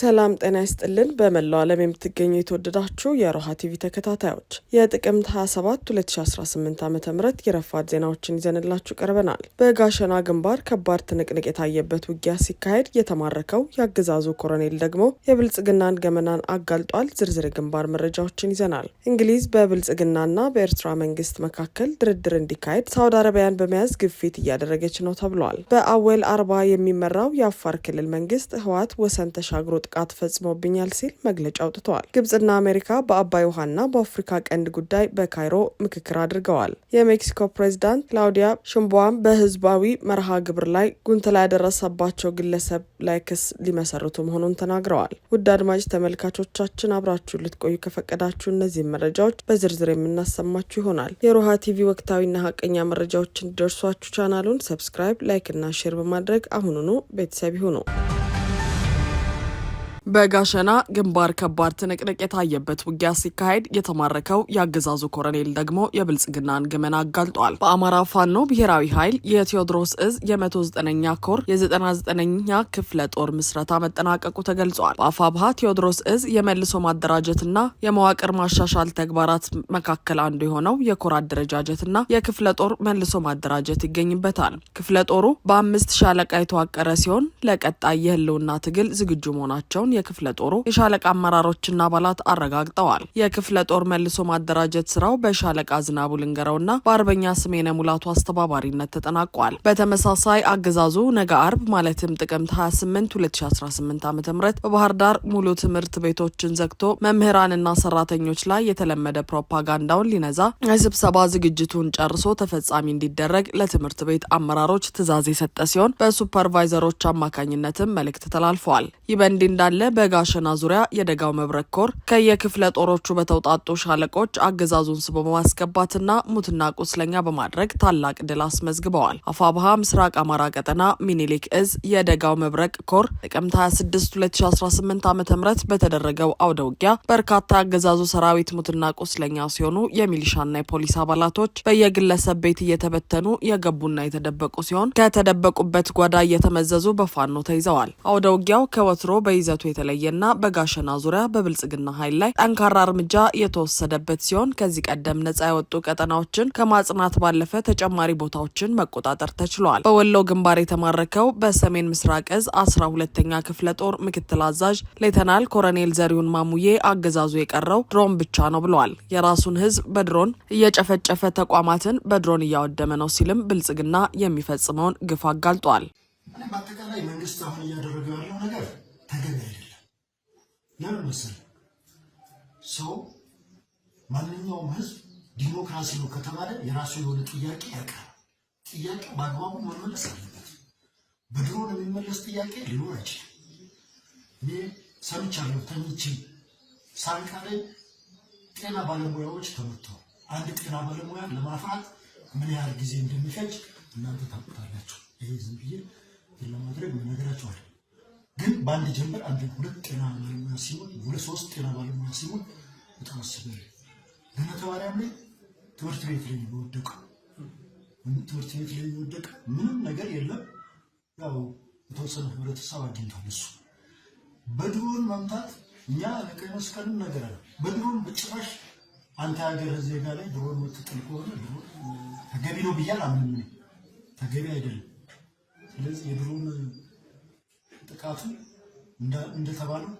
ሰላም ጤና ይስጥልን። በመላው ዓለም የምትገኙ የተወደዳችሁ የሮሃ ቲቪ ተከታታዮች የጥቅምት 27 2018 ዓ ም የረፋድ ዜናዎችን ይዘንላችሁ ቀርበናል። በጋሸና ግንባር ከባድ ትንቅንቅ የታየበት ውጊያ ሲካሄድ የተማረከው የአገዛዙ ኮሎኔል ደግሞ የብልጽግናን ገመናን አጋልጧል። ዝርዝር ግንባር መረጃዎችን ይዘናል። እንግሊዝ በብልጽግናና በኤርትራ መንግስት መካከል ድርድር እንዲካሄድ ሳውዲ አረቢያን በመያዝ ግፊት እያደረገች ነው ተብሏል። በአወል አርባ የሚመራው የአፋር ክልል መንግስት ህወሓት ወሰን ተሻግሮ ጥቃት ፈጽሞብኛል ሲል መግለጫ አውጥተዋል። ግብጽና አሜሪካ በአባይ ውሃና በአፍሪካ ቀንድ ጉዳይ በካይሮ ምክክር አድርገዋል። የሜክሲኮ ፕሬዚዳንት ክላውዲያ ሽምቧም በህዝባዊ መርሃ ግብር ላይ ጉንተላ ያደረሰባቸው ግለሰብ ላይ ክስ ሊመሰርቱ መሆኑን ተናግረዋል። ውድ አድማጭ ተመልካቾቻችን አብራችሁ ልትቆዩ ከፈቀዳችሁ እነዚህ መረጃዎች በዝርዝር የምናሰማችሁ ይሆናል። የሮሃ ቲቪ ወቅታዊና ሀቀኛ መረጃዎች እንዲደርሷችሁ ቻናሉን ሰብስክራይብ፣ ላይክ ሼር በማድረግ አሁኑኑ ቤተሰብ ይሁኑ። በጋሸና ግንባር ከባድ ትንቅንቅ የታየበት ውጊያ ሲካሄድ የተማረከው የአገዛዙ ኮረኔል ደግሞ የብልጽግናን ገመና አጋልጧል። በአማራ ፋኖ ብሔራዊ ኃይል የቴዎድሮስ እዝ የ109ኛ ኮር የ99ኛ ክፍለ ጦር ምስረታ መጠናቀቁ ተገልጿል። በአፋብሃ ቴዎድሮስ እዝ የመልሶ ማደራጀትና የመዋቅር ማሻሻል ተግባራት መካከል አንዱ የሆነው የኮር አደረጃጀትና የክፍለ ጦር መልሶ ማደራጀት ይገኝበታል። ክፍለ ጦሩ በአምስት ሻለቃ የተዋቀረ ሲሆን ለቀጣይ የህልውና ትግል ዝግጁ መሆናቸውን የክፍለ ጦሩ የሻለቃ አመራሮችና አባላት አረጋግጠዋል። የክፍለ ጦር መልሶ ማደራጀት ስራው በሻለቃ ዝናቡ ልንገረውና በአርበኛ ስሜነ ሙላቱ አስተባባሪነት ተጠናቋል። በተመሳሳይ አገዛዙ ነገ አርብ ማለትም ጥቅምት 28 2018 ዓ ም በባህር ዳር ሙሉ ትምህርት ቤቶችን ዘግቶ መምህራንና ሰራተኞች ላይ የተለመደ ፕሮፓጋንዳውን ሊነዛ የስብሰባ ዝግጅቱን ጨርሶ ተፈጻሚ እንዲደረግ ለትምህርት ቤት አመራሮች ትዕዛዝ የሰጠ ሲሆን በሱፐርቫይዘሮች አማካኝነትም መልእክት ተላልፈዋል። ይህ በእንዲህ እንዳለ በጋሸና ዙሪያ የደጋው መብረቅ ኮር ከየክፍለ ጦሮቹ በተውጣጡ ሻለቆች አገዛዙን ስቦ በማስገባትና ሙትና ቁስለኛ በማድረግ ታላቅ ድል አስመዝግበዋል። አፋብሃ ምስራቅ አማራ ቀጠና ሚኒሊክ እዝ የደጋው መብረቅ ኮር ጥቅምት 26 2018 ዓ ም በተደረገው አውደ ውጊያ በርካታ አገዛዙ ሰራዊት ሙትና ቁስለኛ ሲሆኑ የሚሊሻና የፖሊስ አባላቶች በየግለሰብ ቤት እየተበተኑ የገቡና የተደበቁ ሲሆን ከተደበቁበት ጓዳ እየተመዘዙ በፋኖ ተይዘዋል። አውደ ውጊያው ከወትሮ በይዘቱ የተለየና በጋሸና ዙሪያ በብልጽግና ኃይል ላይ ጠንካራ እርምጃ የተወሰደበት ሲሆን ከዚህ ቀደም ነጻ የወጡ ቀጠናዎችን ከማጽናት ባለፈ ተጨማሪ ቦታዎችን መቆጣጠር ተችሏል። በወሎ ግንባር የተማረከው በሰሜን ምስራቅ እዝ አስራ ሁለተኛ ክፍለ ጦር ምክትል አዛዥ ሌተናል ኮረኔል ዘሪሁን ማሙዬ አገዛዙ የቀረው ድሮን ብቻ ነው ብለዋል። የራሱን ህዝብ በድሮን እየጨፈጨፈ ተቋማትን በድሮን እያወደመ ነው ሲልም ብልጽግና የሚፈጽመውን ግፍ አጋልጧል። በአጠቃላይ መንግስት አሁን እያደረገ ያለው ነገር ተገቢ ለምን መሰለህ ሰው ማንኛውም ህዝብ ዲሞክራሲ ነው ከተባለ የራሱ የሆነ ጥያቄ ያውቃል። ጥያቄ በአግባቡ መመለስ አለበት። በድሮን የሚመለስ ጥያቄ ሊኖር አይችልም። እኔ ሰምቻለሁ። ተኝቼ ሳንቃ ላይ ጤና ባለሙያዎች ተመተው አንድ ጤና ባለሙያ ለማፍራት ምን ያህል ጊዜ እንደሚፈጅ እናንተ ታውቁታላችሁ። ይሄ ዝም ብዬ ለማድረግ መነግራችኋል። ግን በአንድ ጀምበር አንድ ሁለት ጤና ባለሙያ ሲሆን ሁለት ሶስት ጤና ባለሙያ ሲሆን በጣም አስበል ማርያም ላይ ትምህርት ቤት ላይ ወደቀ። ትምህርት ቤት ላይ የወደቀ ምንም ነገር የለም። ያው የተወሰነ ህብረተሰብ አግኝቷል። እሱ በድሮን መምታት እኛ ለቀይ መስቀልም ነገር አለ። በድሮን በጭራሽ አንተ ሀገር ዜጋ ላይ ድሮን መትጥል ከሆነ ተገቢ ነው ብያል። አምንም ተገቢ አይደለም። ስለዚህ የድሮን ጥቃቱ እንደተባለው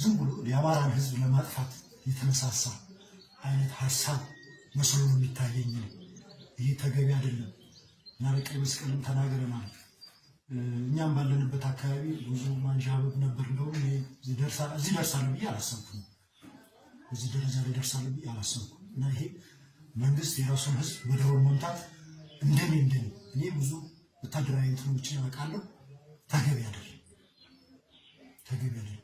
ዝም ብሎ የአማራን ህዝብ ለማጥፋት የተነሳሳ አይነት ሀሳብ መስሎ ነው የሚታየኝ ነው። ይህ ተገቢ አይደለም እና በቀይ መስቀልም ተናግረናል። እኛም ባለንበት አካባቢ ብዙ ማንዣበብ ነበር። እንደውም እዚህ ደርሳል ብዬ አላሰብኩም። እዚህ ደረጃ ላይ ደርሳለ ብዬ አላሰብኩም እና ይሄ መንግስት የራሱን ህዝብ ወደሮን መምታት እንደኔ እንደኔ እኔ ብዙ ወታደራዊ እንትኖችን አውቃለሁ ተገቢ አይደለም። Hadi benim.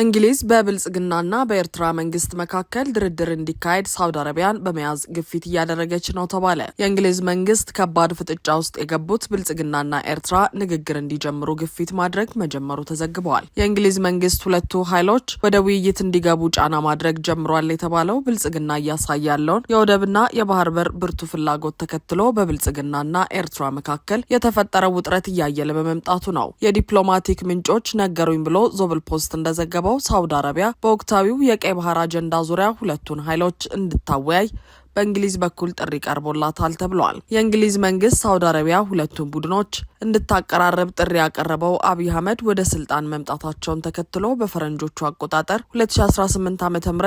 እንግሊዝ በብልጽግናና በኤርትራ መንግስት መካከል ድርድር እንዲካሄድ ሳውዲ አረቢያን በመያዝ ግፊት እያደረገች ነው ተባለ። የእንግሊዝ መንግስት ከባድ ፍጥጫ ውስጥ የገቡት ብልጽግናና ኤርትራ ንግግር እንዲጀምሩ ግፊት ማድረግ መጀመሩ ተዘግበዋል። የእንግሊዝ መንግስት ሁለቱ ኃይሎች ወደ ውይይት እንዲገቡ ጫና ማድረግ ጀምሯል የተባለው ብልጽግና እያሳየ ያለውን የወደብና የባህር በር ብርቱ ፍላጎት ተከትሎ በብልጽግናና ኤርትራ መካከል የተፈጠረው ውጥረት እያየለ በመምጣቱ ነው። የዲፕሎማቲክ ምንጮች ነገሩኝ ብሎ ዞብል ፖስት እንደዘገበ እንደዘገበው ሳውዲ አረቢያ በወቅታዊው የቀይ ባህር አጀንዳ ዙሪያ ሁለቱን ኃይሎች እንድታወያይ በእንግሊዝ በኩል ጥሪ ቀርቦላታል ተብሏል። የእንግሊዝ መንግስት ሳውዲ አረቢያ ሁለቱን ቡድኖች እንድታቀራረብ ጥሪ ያቀረበው አብይ አህመድ ወደ ስልጣን መምጣታቸውን ተከትሎ በፈረንጆቹ አቆጣጠር 2018 ዓ ም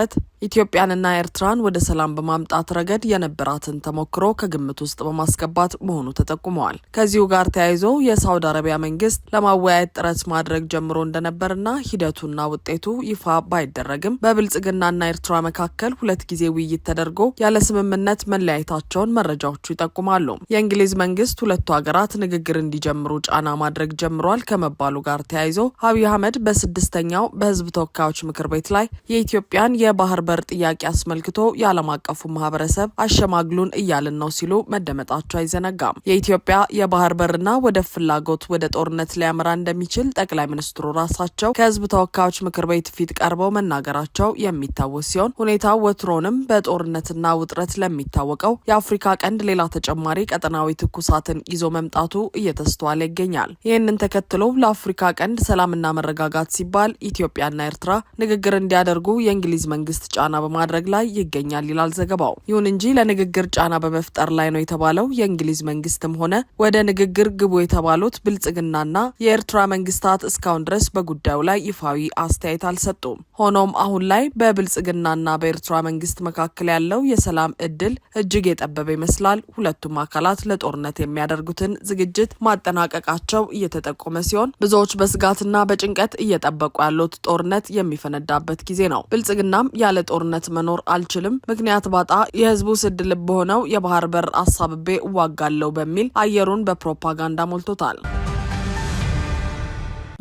ኢትዮጵያንና ኤርትራን ወደ ሰላም በማምጣት ረገድ የነበራትን ተሞክሮ ከግምት ውስጥ በማስገባት መሆኑ ተጠቁመዋል። ከዚሁ ጋር ተያይዞ የሳውዲ አረቢያ መንግስት ለማወያየት ጥረት ማድረግ ጀምሮ እንደነበርና ሂደቱና ውጤቱ ይፋ ባይደረግም በብልጽግናና ኤርትራ መካከል ሁለት ጊዜ ውይይት ተደርጎ ያለ ስምምነት መለያየታቸውን መረጃዎቹ ይጠቁማሉ። የእንግሊዝ መንግስት ሁለቱ ሀገራት ንግግር እንዲ እንዲጀምሩ ጫና ማድረግ ጀምሯል ከመባሉ ጋር ተያይዞ አብይ አህመድ በስድስተኛው በህዝብ ተወካዮች ምክር ቤት ላይ የኢትዮጵያን የባህር በር ጥያቄ አስመልክቶ የዓለም አቀፉ ማህበረሰብ አሸማግሉን እያልን ነው ሲሉ መደመጣቸው አይዘነጋም። የኢትዮጵያ የባህር በርና ወደ ፍላጎት ወደ ጦርነት ሊያመራ እንደሚችል ጠቅላይ ሚኒስትሩ ራሳቸው ከህዝብ ተወካዮች ምክር ቤት ፊት ቀርበው መናገራቸው የሚታወስ ሲሆን ሁኔታው ወትሮንም በጦርነትና ውጥረት ለሚታወቀው የአፍሪካ ቀንድ ሌላ ተጨማሪ ቀጠናዊ ትኩሳትን ይዞ መምጣቱ እየተስ እያስተዋለ ይገኛል። ይህንን ተከትሎ ለአፍሪካ ቀንድ ሰላምና መረጋጋት ሲባል ኢትዮጵያና ኤርትራ ንግግር እንዲያደርጉ የእንግሊዝ መንግስት ጫና በማድረግ ላይ ይገኛል ይላል ዘገባው። ይሁን እንጂ ለንግግር ጫና በመፍጠር ላይ ነው የተባለው የእንግሊዝ መንግስትም ሆነ ወደ ንግግር ግቡ የተባሉት ብልጽግናና የኤርትራ መንግስታት እስካሁን ድረስ በጉዳዩ ላይ ይፋዊ አስተያየት አልሰጡም። ሆኖም አሁን ላይ በብልጽግናና በኤርትራ መንግስት መካከል ያለው የሰላም እድል እጅግ የጠበበ ይመስላል። ሁለቱም አካላት ለጦርነት የሚያደርጉትን ዝግጅት ማ ማጠናቀቃቸው እየተጠቆመ ሲሆን ብዙዎች በስጋትና በጭንቀት እየጠበቁ ያሉት ጦርነት የሚፈነዳበት ጊዜ ነው። ብልጽግናም ያለ ጦርነት መኖር አልችልም፣ ምክንያት ባጣ የህዝቡ ስድ ልብ በሆነው የባህር በር አሳብቤ እዋጋለሁ በሚል አየሩን በፕሮፓጋንዳ ሞልቶታል።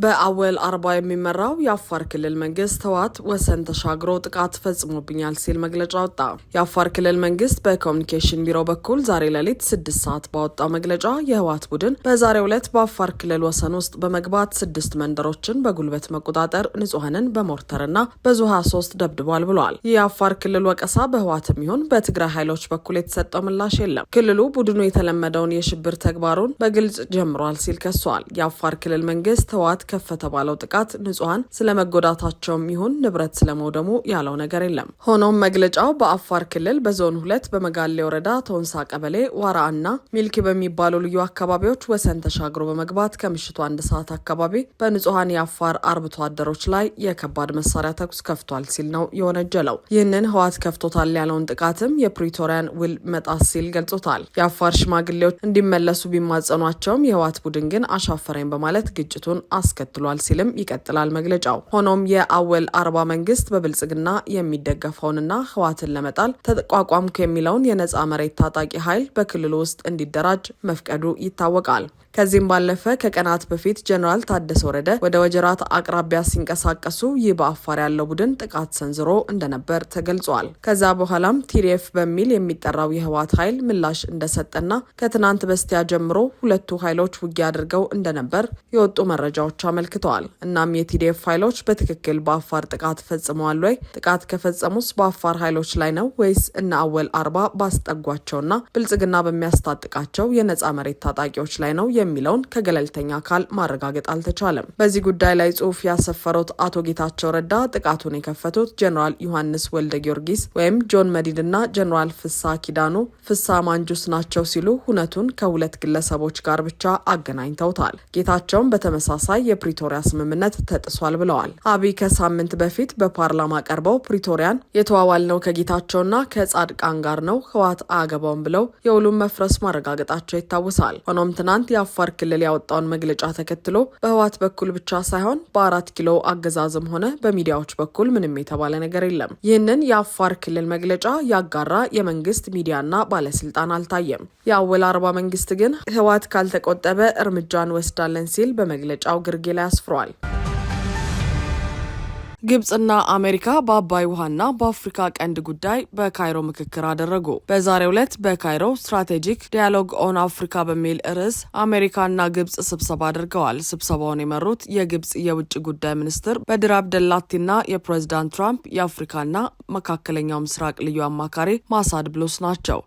በአወል አርባ የሚመራው የአፋር ክልል መንግስት ህወሓት ወሰን ተሻግሮ ጥቃት ፈጽሞብኛል ሲል መግለጫ ወጣ። የአፋር ክልል መንግስት በኮሚኒኬሽን ቢሮ በኩል ዛሬ ሌሊት ስድስት ሰዓት ባወጣው መግለጫ የህወሓት ቡድን በዛሬው ዕለት በአፋር ክልል ወሰን ውስጥ በመግባት ስድስት መንደሮችን በጉልበት መቆጣጠር፣ ንጹሐንን በሞርተርና በዙ 23 ደብድቧል ብሏል። ይህ የአፋር ክልል ወቀሳ በህዋት የሚሆን በትግራይ ኃይሎች በኩል የተሰጠው ምላሽ የለም። ክልሉ ቡድኑ የተለመደውን የሽብር ተግባሩን በግልጽ ጀምሯል ሲል ከሷል። የአፋር ክልል መንግስት ህወሓት ከፈተ ባለው ጥቃት ንጹሐን ስለመጎዳታቸውም ይሁን ንብረት ስለመውደሙ ያለው ነገር የለም። ሆኖም መግለጫው በአፋር ክልል በዞን ሁለት በመጋሌ ወረዳ ቶንሳ ቀበሌ ዋራ እና ሚልኪ በሚባሉ ልዩ አካባቢዎች ወሰን ተሻግሮ በመግባት ከምሽቱ አንድ ሰዓት አካባቢ በንጹሐን የአፋር አርብቶ አደሮች ላይ የከባድ መሳሪያ ተኩስ ከፍቷል ሲል ነው የወነጀለው። ይህንን ህወሓት ከፍቶታል ያለውን ጥቃትም የፕሪቶሪያን ውል መጣስ ሲል ገልጾታል። የአፋር ሽማግሌዎች እንዲመለሱ ቢማጸኗቸውም የህወሓት ቡድን ግን አሻፈረኝ በማለት ግጭቱን አስ አስከትሏል ሲልም ይቀጥላል መግለጫው። ሆኖም የአወል አርባ መንግስት በብልጽግና የሚደገፈውንና ህዋትን ለመጣል ተቋቋምኩ የሚለውን የነፃ መሬት ታጣቂ ኃይል በክልሉ ውስጥ እንዲደራጅ መፍቀዱ ይታወቃል። ከዚህም ባለፈ ከቀናት በፊት ጀኔራል ታደሰ ወረደ ወደ ወጀራት አቅራቢያ ሲንቀሳቀሱ ይህ በአፋር ያለው ቡድን ጥቃት ሰንዝሮ እንደነበር ተገልጿል። ከዛ በኋላም ቲዲኤፍ በሚል የሚጠራው የህወሓት ኃይል ምላሽ እንደሰጠና ከትናንት በስቲያ ጀምሮ ሁለቱ ኃይሎች ውጊያ አድርገው እንደነበር የወጡ መረጃዎች አመልክተዋል። እናም የቲዲኤፍ ኃይሎች በትክክል በአፋር ጥቃት ፈጽመዋል ወይ? ጥቃት ከፈጸሙስ በአፋር ኃይሎች ላይ ነው ወይስ እነ አወል አርባ ባስጠጓቸውና ብልጽግና በሚያስታጥቃቸው የነፃ መሬት ታጣቂዎች ላይ ነው የሚለውን ከገለልተኛ አካል ማረጋገጥ አልተቻለም። በዚህ ጉዳይ ላይ ጽሁፍ ያሰፈሩት አቶ ጌታቸው ረዳ ጥቃቱን የከፈቱት ጀኔራል ዮሐንስ ወልደ ጊዮርጊስ ወይም ጆን መዲድ እና ጀኔራል ፍሳ ኪዳኑ ፍሳ ማንጁስ ናቸው ሲሉ ሁነቱን ከሁለት ግለሰቦች ጋር ብቻ አገናኝተውታል። ጌታቸውም በተመሳሳይ የፕሪቶሪያ ስምምነት ተጥሷል ብለዋል። አብይ ከሳምንት በፊት በፓርላማ ቀርበው ፕሪቶሪያን የተዋዋልነው ከጌታቸውና ከጻድቃን ጋር ነው፣ ህወሓት አያገባውም ብለው የውሉን መፍረስ ማረጋገጣቸው ይታወሳል። ሆኖም ትናንት በአፋር ክልል ያወጣውን መግለጫ ተከትሎ በህወሓት በኩል ብቻ ሳይሆን በአራት ኪሎ አገዛዝም ሆነ በሚዲያዎች በኩል ምንም የተባለ ነገር የለም። ይህንን የአፋር ክልል መግለጫ ያጋራ የመንግስት ሚዲያና ባለስልጣን አልታየም። የአወል አርባ መንግስት ግን ህወሓት ካልተቆጠበ እርምጃ እንወስዳለን ሲል በመግለጫው ግርጌ ላይ አስፍሯል። ግብጽና አሜሪካ በአባይ ውሃና በአፍሪካ ቀንድ ጉዳይ በካይሮ ምክክር አደረጉ። በዛሬው ዕለት በካይሮ ስትራቴጂክ ዲያሎግ ኦን አፍሪካ በሚል ርዕስ አሜሪካና ግብጽ ስብሰባ አድርገዋል። ስብሰባውን የመሩት የግብጽ የውጭ ጉዳይ ሚኒስትር በድር አብደላቲና የፕሬዚዳንት ትራምፕ የአፍሪካና መካከለኛው ምስራቅ ልዩ አማካሪ ማሳድ ብሉስ ናቸው።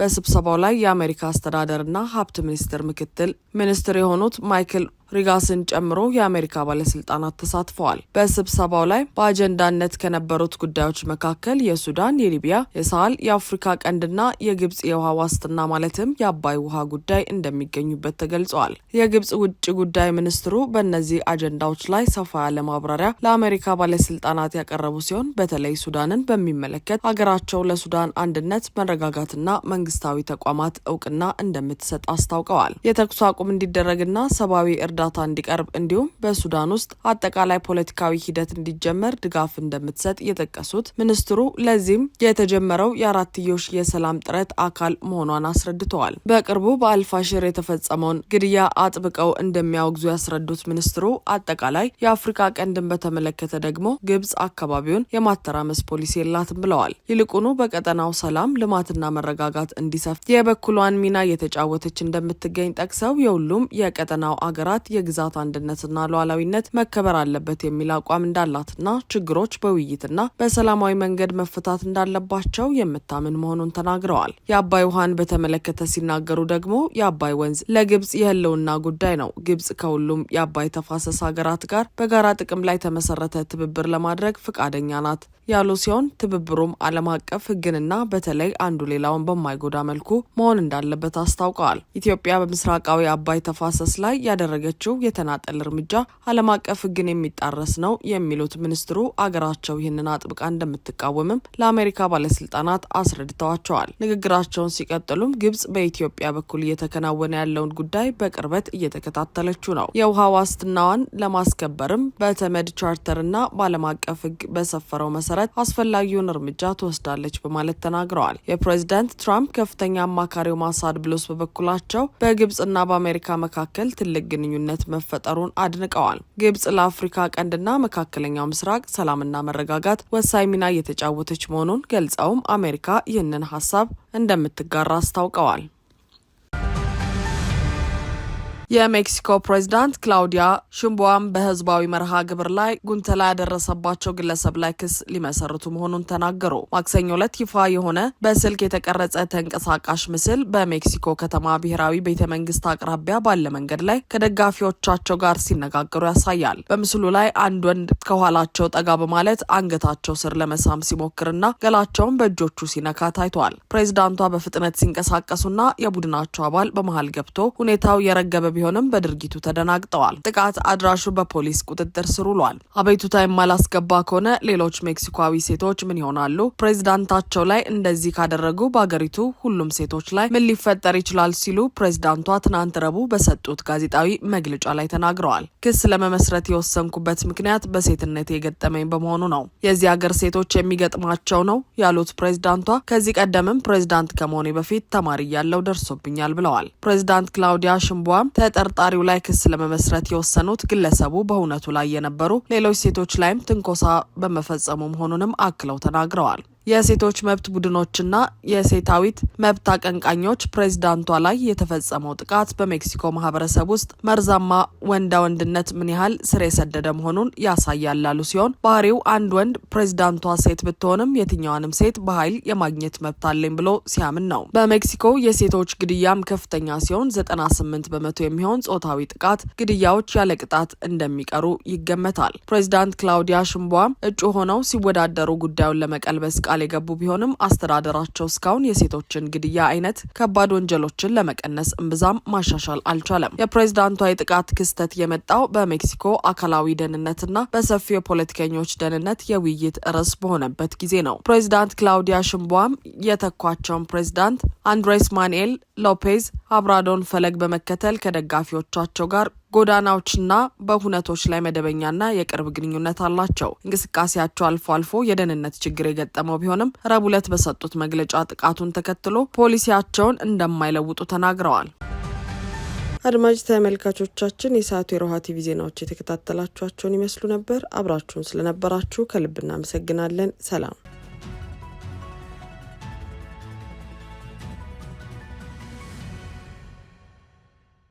በስብሰባው ላይ የአሜሪካ አስተዳደርና ሀብት ሚኒስቴር ምክትል ሚኒስትር የሆኑት ማይክል ሪጋስን ጨምሮ የአሜሪካ ባለስልጣናት ተሳትፈዋል። በስብሰባው ላይ በአጀንዳነት ከነበሩት ጉዳዮች መካከል የሱዳን፣ የሊቢያ፣ የሳህል፣ የአፍሪካ ቀንድና የግብጽ የውሃ ዋስትና ማለትም የአባይ ውሃ ጉዳይ እንደሚገኙበት ተገልጸዋል። የግብጽ ውጭ ጉዳይ ሚኒስትሩ በእነዚህ አጀንዳዎች ላይ ሰፋ ያለ ማብራሪያ ለአሜሪካ ባለስልጣናት ያቀረቡ ሲሆን በተለይ ሱዳንን በሚመለከት ሀገራቸው ለሱዳን አንድነት መረጋጋትና መንግስታዊ ተቋማት እውቅና እንደምትሰጥ አስታውቀዋል። የተኩስ አቁም እንዲደረግና ሰብአዊ እርዳ እርዳታ እንዲቀርብ እንዲሁም በሱዳን ውስጥ አጠቃላይ ፖለቲካዊ ሂደት እንዲጀመር ድጋፍ እንደምትሰጥ የጠቀሱት ሚኒስትሩ ለዚህም የተጀመረው የአራትዮሽ የሰላም ጥረት አካል መሆኗን አስረድተዋል። በቅርቡ በአልፋሽር የተፈጸመውን ግድያ አጥብቀው እንደሚያወግዙ ያስረዱት ሚኒስትሩ አጠቃላይ የአፍሪካ ቀንድን በተመለከተ ደግሞ ግብጽ አካባቢውን የማተራመስ ፖሊሲ የላትም ብለዋል። ይልቁኑ በቀጠናው ሰላም፣ ልማትና መረጋጋት እንዲሰፍ የበኩሏን ሚና እየተጫወተች እንደምትገኝ ጠቅሰው የሁሉም የቀጠናው አገራት የግዛት አንድነትና ሉዓላዊነት መከበር አለበት የሚል አቋም እንዳላትና ችግሮች በውይይትና በሰላማዊ መንገድ መፈታት እንዳለባቸው የምታምን መሆኑን ተናግረዋል። የአባይ ውሃን በተመለከተ ሲናገሩ ደግሞ የአባይ ወንዝ ለግብጽ የህልውና ጉዳይ ነው። ግብጽ ከሁሉም የአባይ ተፋሰስ ሀገራት ጋር በጋራ ጥቅም ላይ ተመሰረተ ትብብር ለማድረግ ፈቃደኛ ናት ያሉ ሲሆን ትብብሩም ዓለም አቀፍ ህግንና በተለይ አንዱ ሌላውን በማይጎዳ መልኩ መሆን እንዳለበት አስታውቀዋል። ኢትዮጵያ በምስራቃዊ አባይ ተፋሰስ ላይ ያደረገች የወሰደችው የተናጠል እርምጃ ዓለም አቀፍ ሕግን የሚጣረስ ነው የሚሉት ሚኒስትሩ አገራቸው ይህንን አጥብቃ እንደምትቃወምም ለአሜሪካ ባለስልጣናት አስረድተዋቸዋል። ንግግራቸውን ሲቀጥሉም ግብጽ በኢትዮጵያ በኩል እየተከናወነ ያለውን ጉዳይ በቅርበት እየተከታተለችው ነው። የውሃ ዋስትናዋን ለማስከበርም በተመድ ቻርተርና በዓለም አቀፍ ሕግ በሰፈረው መሰረት አስፈላጊውን እርምጃ ትወስዳለች በማለት ተናግረዋል። የፕሬዚዳንት ትራምፕ ከፍተኛ አማካሪው ማሳድ ብሎስ በበኩላቸው በግብጽና በአሜሪካ መካከል ትልቅ ግንኙነት ግንኙነት መፈጠሩን አድንቀዋል። ግብጽ ለአፍሪካ ቀንድና መካከለኛው ምስራቅ ሰላምና መረጋጋት ወሳኝ ሚና እየተጫወተች መሆኑን ገልጸውም አሜሪካ ይህንን ሀሳብ እንደምትጋራ አስታውቀዋል። የሜክሲኮ ፕሬዚዳንት ክላውዲያ ሽምቧም በህዝባዊ መርሃ ግብር ላይ ጉንተላ ያደረሰባቸው ግለሰብ ላይ ክስ ሊመሰርቱ መሆኑን ተናገሩ። ማክሰኞ ዕለት ይፋ የሆነ በስልክ የተቀረጸ ተንቀሳቃሽ ምስል በሜክሲኮ ከተማ ብሔራዊ ቤተ መንግስት አቅራቢያ ባለ መንገድ ላይ ከደጋፊዎቻቸው ጋር ሲነጋገሩ ያሳያል። በምስሉ ላይ አንድ ወንድ ከኋላቸው ጠጋ በማለት አንገታቸው ስር ለመሳም ሲሞክርና ገላቸውን በእጆቹ ሲነካ ታይቷል። ፕሬዚዳንቷ በፍጥነት ሲንቀሳቀሱና የቡድናቸው አባል በመሀል ገብቶ ሁኔታው የረገበ ቢሆንም በድርጊቱ ተደናግጠዋል። ጥቃት አድራሹ በፖሊስ ቁጥጥር ስር ውሏል። አቤቱታ የማላስገባ ከሆነ ሌሎች ሜክሲኮዊ ሴቶች ምን ይሆናሉ? ፕሬዚዳንታቸው ላይ እንደዚህ ካደረጉ በአገሪቱ ሁሉም ሴቶች ላይ ምን ሊፈጠር ይችላል? ሲሉ ፕሬዚዳንቷ ትናንት ረቡዕ በሰጡት ጋዜጣዊ መግለጫ ላይ ተናግረዋል። ክስ ለመመስረት የወሰንኩበት ምክንያት በሴትነት የገጠመኝ በመሆኑ ነው። የዚህ አገር ሴቶች የሚገጥማቸው ነው ያሉት ፕሬዚዳንቷ ከዚህ ቀደምም ፕሬዚዳንት ከመሆኔ በፊት ተማሪ እያለው ደርሶብኛል ብለዋል። ፕሬዚዳንት ክላውዲያ ሽምቧም በተጠርጣሪው ላይ ክስ ለመመስረት የወሰኑት ግለሰቡ በእውነቱ ላይ የነበሩ ሌሎች ሴቶች ላይም ትንኮሳ በመፈጸሙ መሆኑንም አክለው ተናግረዋል። የሴቶች መብት ቡድኖችና የሴታዊት መብት አቀንቃኞች ፕሬዚዳንቷ ላይ የተፈጸመው ጥቃት በሜክሲኮ ማህበረሰብ ውስጥ መርዛማ ወንዳ ወንድነት ምን ያህል ስር የሰደደ መሆኑን ያሳያል ላሉ ሲሆን ባህሪው አንድ ወንድ ፕሬዚዳንቷ ሴት ብትሆንም የትኛዋንም ሴት በኃይል የማግኘት መብት አለኝ ብሎ ሲያምን ነው። በሜክሲኮ የሴቶች ግድያም ከፍተኛ ሲሆን 98 በመቶ የሚሆን ጾታዊ ጥቃት ግድያዎች ያለ ቅጣት እንደሚቀሩ ይገመታል። ፕሬዚዳንት ክላውዲያ ሽምቧም እጩ ሆነው ሲወዳደሩ ጉዳዩን ለመቀልበስ ቃል ቃል የገቡ ቢሆንም አስተዳደራቸው እስካሁን የሴቶችን ግድያ አይነት ከባድ ወንጀሎችን ለመቀነስ እምብዛም ማሻሻል አልቻለም። የፕሬዝዳንቷ የጥቃት ክስተት የመጣው በሜክሲኮ አካላዊ ደህንነትና በሰፊው የፖለቲከኞች ደህንነት የውይይት ርዕስ በሆነበት ጊዜ ነው። ፕሬዚዳንት ክላውዲያ ሽምቧም የተኳቸውን ፕሬዚዳንት አንድሬስ ማንኤል ሎፔዝ አብራዶን ፈለግ በመከተል ከደጋፊዎቻቸው ጋር ጎዳናዎችና በሁነቶች ላይ መደበኛና የቅርብ ግንኙነት አላቸው። እንቅስቃሴያቸው አልፎ አልፎ የደህንነት ችግር የገጠመው ቢሆንም ረቡዕ ዕለት በሰጡት መግለጫ ጥቃቱን ተከትሎ ፖሊሲያቸውን እንደማይለውጡ ተናግረዋል። አድማጭ ተመልካቾቻችን የሰዓቱ የሮሃ ቲቪ ዜናዎች የተከታተላችኋቸውን ይመስሉ ነበር። አብራችሁን ስለነበራችሁ ከልብ እናመሰግናለን። ሰላም